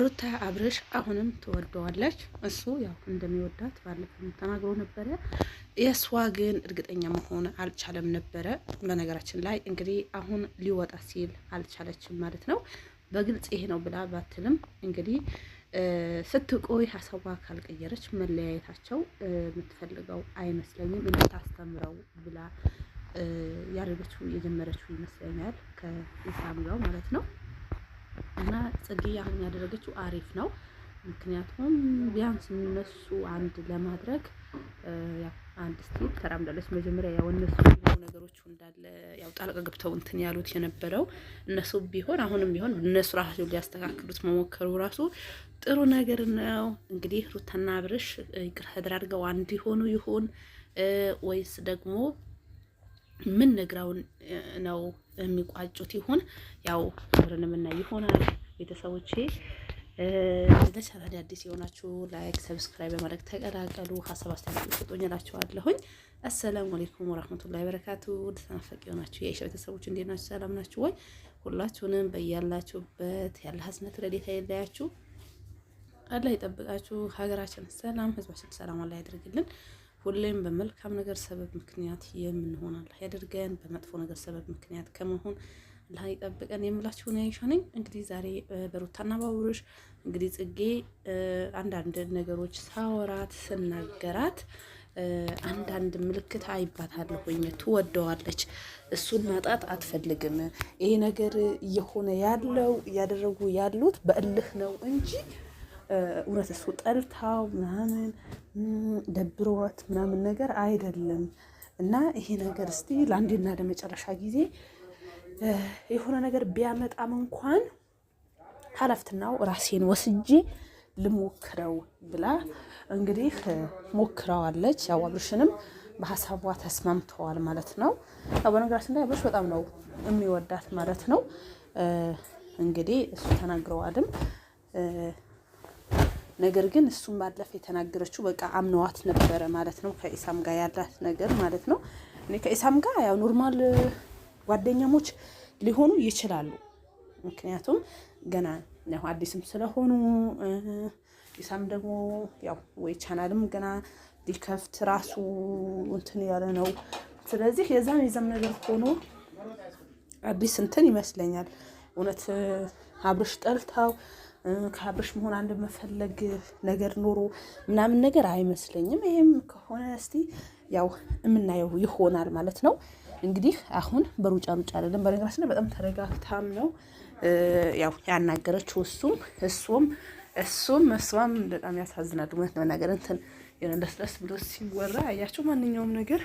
ሩታ አብርሽ አሁንም ትወደዋለች። እሱ ያው እንደሚወዳት ባለፈው ተናግሮ ነበረ። የእሷ ግን እርግጠኛ መሆን አልቻለም ነበረ። በነገራችን ላይ እንግዲህ አሁን ሊወጣ ሲል አልቻለችም ማለት ነው። በግልጽ ይሄ ነው ብላ ባትልም እንግዲህ ስትቆይ ሀሳቧ ካልቀየረች መለያየታቸው የምትፈልገው አይመስለኝም። እንድታስተምረው ብላ ያደረገችው የጀመረችው ይመስለኛል ከኢሳም ጋር ማለት ነው። እና ጽጌ አሁን ያደረገችው አሪፍ ነው። ምክንያቱም ቢያንስ እነሱ አንድ ለማድረግ አንድ ስቴፕ ተራምዳለች። መጀመሪያ ያው እነሱ ነገሮች እንዳለ ያው ጣልቃ ገብተው እንትን ያሉት የነበረው እነሱ ቢሆን አሁንም ቢሆን እነሱ ራሳቸው ሊያስተካክሉት መሞከሩ ራሱ ጥሩ ነገር ነው። እንግዲህ ሩታና ብርሽ ይቅር ተደራርገው አንድ ሆኑ ይሁን ወይስ ደግሞ ምን ነግራው ነው የሚቋጩት ይሁን ያው አብረን የምናይ ይሆናል። ቤተሰቦቼ ለቻናል አዲስ የሆናችሁ ላይክ፣ ሰብስክራይብ በማድረግ ተቀላቀሉ። ሀሳብ አስተያየት ስጡኝ እላችኋለሁኝ። አሰላሙ አለይኩም ወራህመቱላሂ ወበረካቱ። ተናፈቅ የሆናችሁ የኢሻ ቤተሰቦች እንዴት ናችሁ? ሰላም ናችሁ ወይ? ሁላችሁንም በያላችሁበት ያለ ሀስነት ረዴታ የለያችሁ። አላህ ይጠብቃችሁ። ሀገራችን ሰላም፣ ህዝባችን ሰላም አላህ ያድርግልን። ሁሌም በመልካም ነገር ሰበብ ምክንያት የምንሆን አላህ ያደርገን። በመጥፎ ነገር ሰበብ ምክንያት ከመሆን አላህ ይጠብቀን። የምላችሁ ነው ያይሻ ነኝ። እንግዲህ ዛሬ በሩታና ባቡርሽ እንግዲህ ጽጌ አንዳንድ ነገሮች ሳወራት ስናገራት አንዳንድ ምልክት አይባታለሁ ወይም ትወደዋለች፣ እሱን ማጣት አትፈልግም። ይሄ ነገር እየሆነ ያለው እያደረጉ ያሉት በእልህ ነው እንጂ እውነት እሱ ጠልታው ምናምን ደብሮት ምናምን ነገር አይደለም። እና ይሄ ነገር እስቲ ለአንዴና ለመጨረሻ ጊዜ የሆነ ነገር ቢያመጣም እንኳን ኃላፊትናው ራሴን ወስጄ ልሞክረው ብላ እንግዲህ ሞክረዋለች። ያው አብርሽንም በሀሳቧ ተስማምተዋል ማለት ነው። ያው በነገራችን ላይ አብርሽ በጣም ነው የሚወዳት ማለት ነው። እንግዲህ እሱ ተናግረዋልም ነገር ግን እሱም ባለፈ የተናገረችው በቃ አምነዋት ነበረ ማለት ነው። ከኢሳም ጋር ያላት ነገር ማለት ነው። እኔ ከኢሳም ጋር ያው ኖርማል ጓደኛሞች ሊሆኑ ይችላሉ። ምክንያቱም ገና ያው አዲስም ስለሆኑ ኢሳም ደግሞ ያው ወይ ቻናልም ገና ሊከፍት ራሱ እንትን ያለ ነው። ስለዚህ የዛም የዛም ነገር ሆኖ አዲስ እንትን ይመስለኛል እውነት አብርሽ ጠልታው ከአብርሽ መሆን አንድ መፈለግ ነገር ኖሮ ምናምን ነገር አይመስለኝም። ይሄም ከሆነ እስቲ ያው የምናየው ይሆናል ማለት ነው። እንግዲህ አሁን በሩጫ ሩጫ አይደለም። በነገራችን ላይ በጣም ተረጋግታም ነው ያው ያናገረችው እሱም እሱም እሱም እሷም በጣም ያሳዝናል። እውነት ለመናገር እንትን የሆነ ለስለስ ብሎ ሲወራ አያቸው ማንኛውም ነገር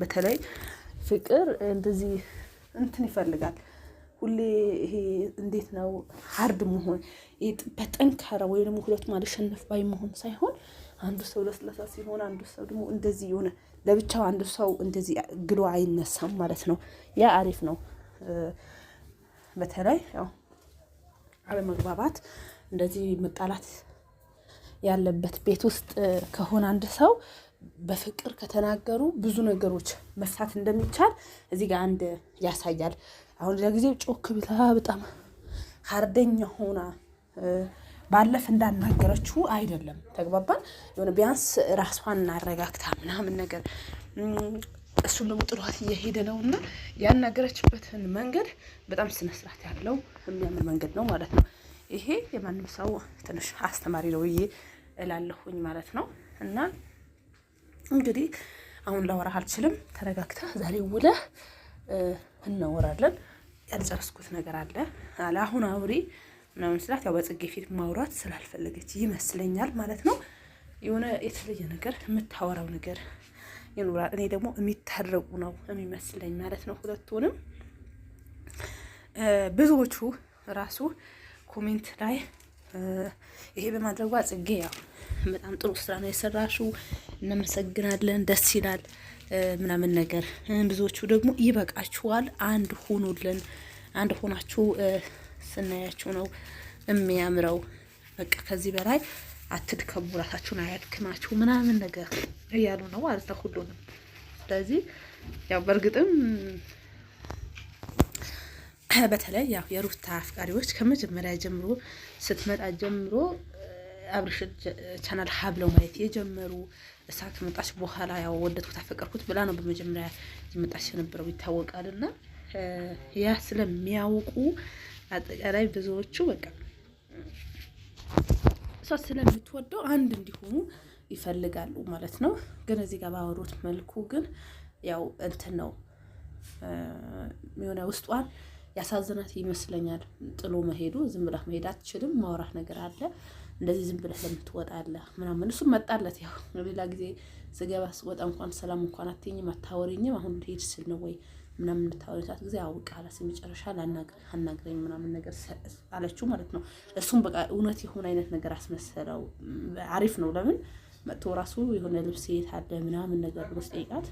በተለይ ፍቅር እንደዚህ እንትን ይፈልጋል ሁሌ ይሄ እንዴት ነው ሀርድ መሆን በጠንካራ ወይ ደግሞ ሁለቱም አልሸነፍ ባይ መሆን ሳይሆን አንዱ ሰው ለስለሳ ሲሆን አንዱ ሰው ደግሞ እንደዚህ የሆነ ለብቻው አንዱ ሰው እንደዚህ ግሎ አይነሳም ማለት ነው። ያ አሪፍ ነው። በተለይ ያው አለመግባባት እንደዚህ መጣላት ያለበት ቤት ውስጥ ከሆነ አንድ ሰው በፍቅር ከተናገሩ ብዙ ነገሮች መፍታት እንደሚቻል እዚህ ጋር አንድ ያሳያል። አሁን ጊዜ ጮክ ብላ በጣም ሀርደኛ ሆና ባለፍ እንዳናገረችው አይደለም። ተግባባን። የሆነ ቢያንስ ራሷን እናረጋግታ ምናምን ነገር እሱን ደግሞ ጥሏት እየሄደ ነው እና ያናገረችበትን መንገድ በጣም ስነስርዓት ያለው የሚያምር መንገድ ነው ማለት ነው። ይሄ የማንም ሰው ትንሽ አስተማሪ ነው ብዬ እላለሁኝ ማለት ነው። እና እንግዲህ አሁን ላወራህ አልችልም። ተረጋግተህ ዛሬ ውለህ እናወራለን። ያልጨረስኩት ነገር አለ አለ አሁን አውሪ ምናምን ስላት ያው በጽጌ ፊት ማውራት ስላልፈለገች ይመስለኛል ማለት ነው። የሆነ የተለየ ነገር የምታወራው ነገር ይኖራል። እኔ ደግሞ የሚታረቁ ነው የሚመስለኝ ማለት ነው። ሁለቱንም ብዙዎቹ ራሱ ኮሜንት ላይ ይሄ በማድረጓ ጽጌ ያው በጣም ጥሩ ስራ ነው የሰራሽው፣ እናመሰግናለን፣ ደስ ይላል ምናምን ነገር። ብዙዎቹ ደግሞ ይበቃችኋል፣ አንድ ሆኖልን አንድ ሆናችሁ ስናያችሁ ነው የሚያምረው። በቃ ከዚህ በላይ አትድከሙ፣ ራሳችሁን አያድክማችሁ ምናምን ነገር እያሉ ነው ማለት ነው ሁሉንም። ስለዚህ ያው በእርግጥም በተለይ ያው የሩታ አፍቃሪዎች ከመጀመሪያ ጀምሮ ስትመጣ ጀምሮ አብርሽ ቻናል ሀብለው ማየት የጀመሩ እሳ ከመጣች በኋላ ያው ወደድኩት አፈቀርኩት ብላ ነው በመጀመሪያ የመጣች የነበረው ይታወቃልና ያ ስለሚያውቁ አጠቃላይ ብዙዎቹ በቃ እሷ ስለምትወደው አንድ እንዲሆኑ ይፈልጋሉ ማለት ነው። ግን እዚህ ጋር ባወሩት መልኩ ግን ያው እንትን ነው የሆነ ውስጧን ያሳዝናት ይመስለኛል። ጥሎ መሄዱ ዝም ብላ መሄድ አትችልም። ማውራት ነገር አለ እንደዚህ ዝም ብለህ ለምን ትወጣለህ? ምናምን እሱም መጣለት። ያው ሌላ ጊዜ ስገባ ስወጣ እንኳን ሰላም እንኳን አትይኝም አታወሪኝም። አሁን ሄድ ስል ነው ወይ ምናምን የምታወሪ ሰዓት ጊዜ አውቅ አላስ የመጨረሻ አናግረኝ ምናምን ነገር አለችው ማለት ነው። እሱም በቃ እውነት የሆነ አይነት ነገር አስመሰለው። አሪፍ ነው። ለምን መጥቶ ራሱ የሆነ ልብስ የት አለ ምናምን ነገር ብሎ ሲጠይቃት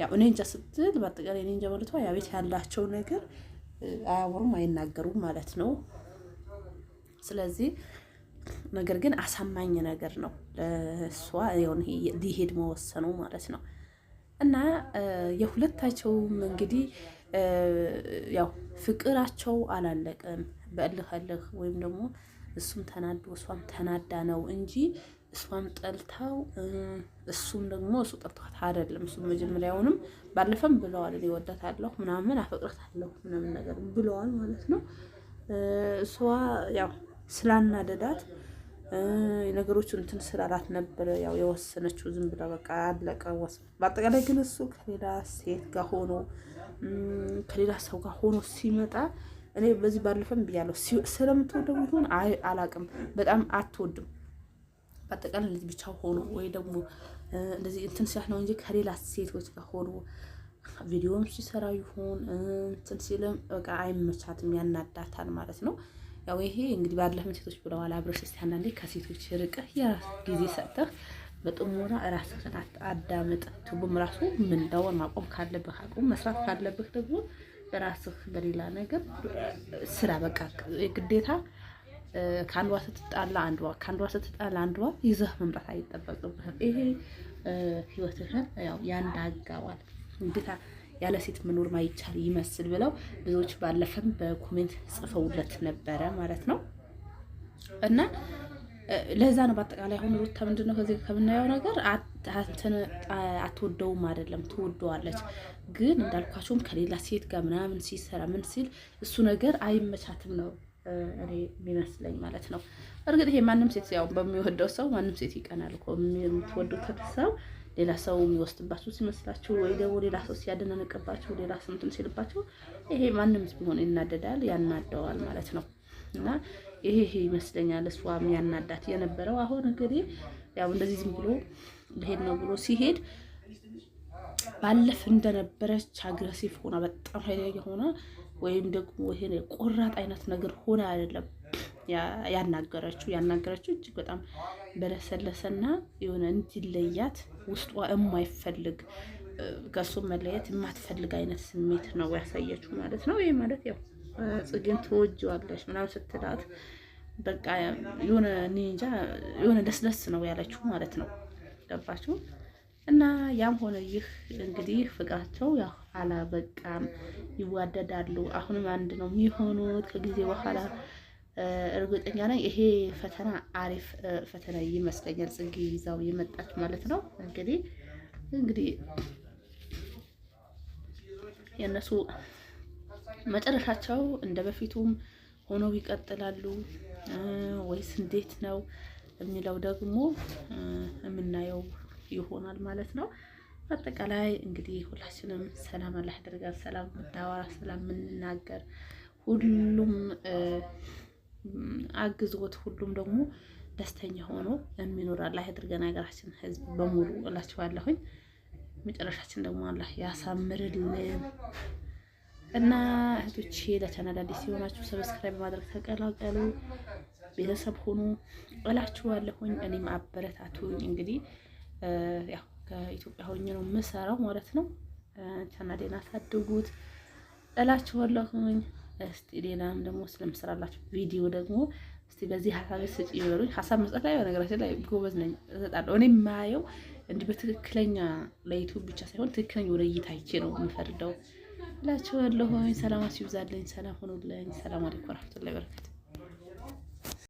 ያው እኔ እንጃ ስትል በአጠቃላይ እኔ እንጃ ማለቷ ያ ቤት ያላቸው ነገር አያወሩም፣ አይናገሩም ማለት ነው። ስለዚህ ነገር ግን አሳማኝ ነገር ነው ለእሷ ሆን ሊሄድ መወሰኑ ማለት ነው። እና የሁለታቸውም እንግዲህ ያው ፍቅራቸው አላለቀም። በእልህ እልህ ወይም ደግሞ እሱም ተናዶ እሷም ተናዳ ነው እንጂ እሷም ጠልታው እሱም ደግሞ እሱ ጠልቷት አይደለም። እሱም መጀመሪያውንም ባለፈም ብለዋል፣ እኔ እወዳታለሁ ምናምን አፈቅረታለሁ ምናምን ነገር ብለዋል ማለት ነው። እሷ ያው ስላናደዳት ነገሮቹን እንትን ስላላት ነበረ ያው የወሰነችው ዝም ብላ በቃ አለቀ። በአጠቃላይ ግን እሱ ከሌላ ሴት ጋር ሆኖ ከሌላ ሰው ጋር ሆኖ ሲመጣ እኔ በዚህ ባለፈም ብያለሁ፣ ስለምትወደው ይሁን አላቅም፣ በጣም አትወድም። በአጠቃላይ ልጅ ብቻ ሆኖ ወይ ደግሞ እንደዚህ እንትን ሲያት ነው እንጂ ከሌላ ሴቶች ጋር ሆኖ ቪዲዮም ሲሰራ ይሁን እንትን ሲልም በቃ አይመቻትም፣ ያናዳታል ማለት ነው። ያው ይሄ እንግዲህ ባለፈ ሴቶች ብለዋል። አብረሽ እስቲ አንዳንዴ ከሴቶች ርቀህ የራስ ጊዜ ሰጥተህ በጥሞና ራስህን አዳምጥ። ትቡም ራሱ ምንዳወር ማቆም ካለብህ አቁም፣ መስራት ካለብህ ደግሞ ራስህ በሌላ ነገር ስራ። በቃ ግዴታ ከአንዷ ስትጣላ አንዷ ከአንዷ ስትጣላ አንዷ ይዘህ መምጣት አይጠበቅብህም። ይሄ ህይወትህን ያው ያንዳጋዋል ግዴታ ያለ ሴት መኖር ማይቻል ይመስል ብለው ብዙዎች ባለፈም በኮሜንት ጽፈውለት ነበረ ማለት ነው እና ለዛ ነው በአጠቃላይ አሁን ሩታ ምንድን ነው ከዚህ ከምናየው ነገር አትወደውም አይደለም፣ ትወደዋለች። ግን እንዳልኳቸውም ከሌላ ሴት ጋር ምናምን ሲሰራ ምን ሲል እሱ ነገር አይመቻትም ነው እኔ የሚመስለኝ ማለት ነው። እርግጥ ይሄ ማንም ሴት ያው በሚወደው ሰው ማንም ሴት ይቀናል እኮ የምትወዱት ሰው ሌላ ሰው የሚወስድባቸው ሲመስላቸው ወይ ደግሞ ሌላ ሰው ሲያደናነቅባቸው ሌላ ሰው እንትን ሲልባችሁ ይሄ ማንም ቢሆን ይናደዳል፣ ያናደዋል ማለት ነው። እና ይሄ ይመስለኛል እሷ ያናዳት የነበረው አሁን እንግዲህ ያው እንደዚህ ዝም ብሎ ሄድ ነው ብሎ ሲሄድ ባለፍ እንደነበረች አግረሲቭ ሆና በጣም ኃይለኛ ሆና ወይም ደግሞ ይሄ ቆራጥ አይነት ነገር ሆነ አይደለም ያናገረችው ያናገረችው እጅግ በጣም በለሰለሰና የሆነ እንዲለያት ውስጧ የማይፈልግ ከሱ መለየት የማትፈልግ አይነት ስሜት ነው ያሳየችው ማለት ነው። ይህ ማለት ያው ጽጌን ትወጂዋለሽ ምናምን ስትላት በቃ የሆነ ኒንጃ የሆነ ደስደስ ነው ያለችው ማለት ነው። ገባችሁ? እና ያም ሆነ ይህ እንግዲህ ፍቅራቸው ያው አላበቃም፣ ይዋደዳሉ። አሁንም አንድ ነው የሚሆኑት ከጊዜ በኋላ እርግጠኛ ነኝ ይሄ ፈተና አሪፍ ፈተና ይመስለኛል። ጽጌ ይዛው የመጣች ማለት ነው። እንግዲህ እንግዲህ የእነሱ መጨረሻቸው እንደ በፊቱም ሆነው ይቀጥላሉ ወይስ እንዴት ነው የሚለው ደግሞ የምናየው ይሆናል ማለት ነው። በአጠቃላይ እንግዲህ ሁላችንም ሰላም አላህ ያደርጋል። ሰላም ምናወራ፣ ሰላም ምንናገር ሁሉም አግዝቦት ሁሉም ደግሞ ደስተኛ ሆኖ የሚኖር አላህ ያድርገን ሀገራችን ህዝብ በሙሉ እላችኋለሁኝ። መጨረሻችን ደግሞ አላህ ያሳምርልን እና እህቶች ለቻናል አዲስ ሲሆናችሁ ሰብስክራይብ ማድረግ ተቀላቀሉ፣ ቤተሰብ ሆኑ እላችኋለሁኝ። እኔም አበረታቱኝ። እንግዲህ ያው ከኢትዮጵያ ሆኜ ነው የምሰራው ማለት ነው። ቻናሌን አሳድጉት እላችኋለሁኝ። እስቲ ሌላም ደግሞ ስለምሰራላችሁ ቪዲዮ ደግሞ እስቲ በዚህ ሀሳብ ስጭ ይበሉኝ። ሀሳብ መስጠት ላይ በነገራችን ላይ ጎበዝ ነኝ፣ እሰጣለሁ። እኔ የማየው እንዲህ በትክክለኛ ለዩቱብ ብቻ ሳይሆን ትክክለኛ ወደ እይታ አይቼ ነው የምፈርደው። ላቸው ላችኋለሁ። ሰላማችሁ ይብዛልኝ። ሰላም ሆኑልኝ። ሰላም አለይኩም ወረሕመቱላሂ ወበረካቱ